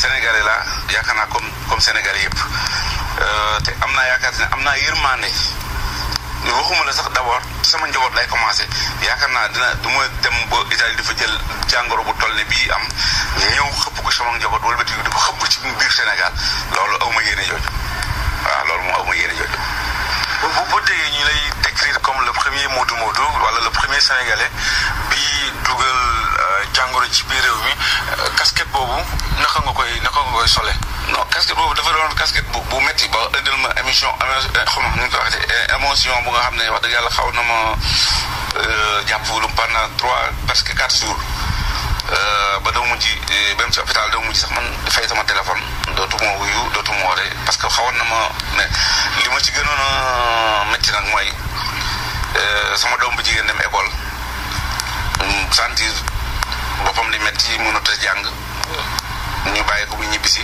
sénégalais la yaakaar naa comme comme sénégalais yëpp euh, te am naa yaakaar ne am naa yërmande waxuma la sax d' abord sama njaboot lay commencé yaakaar naa dina du ma dem ba Italie dafa jël jàngoro bu toll ne bii am ñëw xëpp ko sama njaboot wala bët di ko xëpp biir Sénégal loolu aw ma yéene jooju waaw loolu moom aw ma yéene jooju. bu bu déggee comme le premier Modou Modou wala le premier sénégalais. koy naka nga koy sole non casquette boobu dafa doon casquette bu bu métti ba indil ma émission eh, xam nga nu eh, bu nga xam ne wax dëgg xaw na ma euh, jàpp lu pendant trois presque quatre jours euh, ba doo mujj eh, même si hôpital doo mujj sax man fay sama téléphone. dootuma wuyu dootuma woore parce que xawoon na ma ne li ma ci gënoon a métti nag mooy euh, sama doom bu jigéen. ñibbi si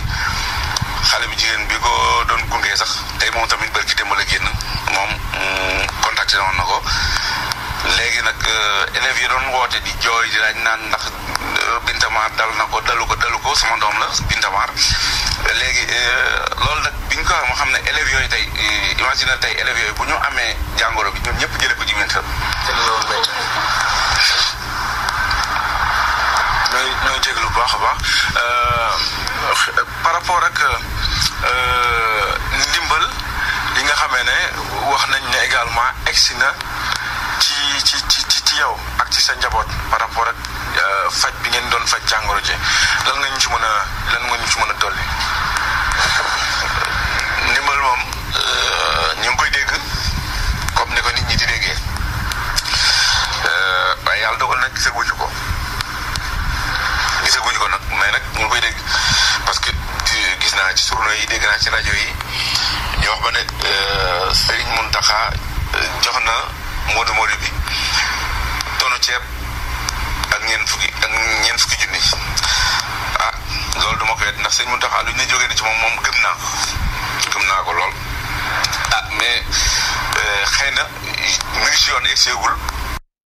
xale bi jigéen bi ko doon gunge sax tey moom tamit barki démb la génn moom mu mm, contacté na ko léegi nag euh, élèves yi doon woote di jooy di laaj naan ndax euh, Bintamar dal na ko dalu ko dalu ko sama doom la Bintamar léegi euh, loolu nag bi ñu ko wax ma xam ne élèves yooyu tey imagine tey élèves yooyu bu ñu amee jàngoro bi ñoom ñëpp jëlee ko ci Bintam. ñooy rapport ak euh, ndimbal li nga xamee ne wax nañ ne également egsi na ci ci ci ci yow ak ci sa njaboot par rapport ak euh, faj bi ngeen doon faj jàngoro ji lan nga ñu ci mën a lan nga ñu ci mën a dolli. ndimbal moom euh, ñu ngi koy dégg comme ni ko nit ñi di déggee waaye yàlla dogal nag gisaguñu ko gisaguñu ko nag mais nag ñu koy dégg parce que. gis naa ci journaux yi dégg naa ci rajo yi ñu wax ba ne euh, Serigne Mountakha euh, jox na Modou Modou bi tono ceeb ak ñeent fukki ak ñeent fukki junni ah loolu duma ko wet ndax Serigne Mountakha lu ñu jógee ni ci moom moom gëm naa ko gëm naa ko lool ah mais euh, xëy na mi ngi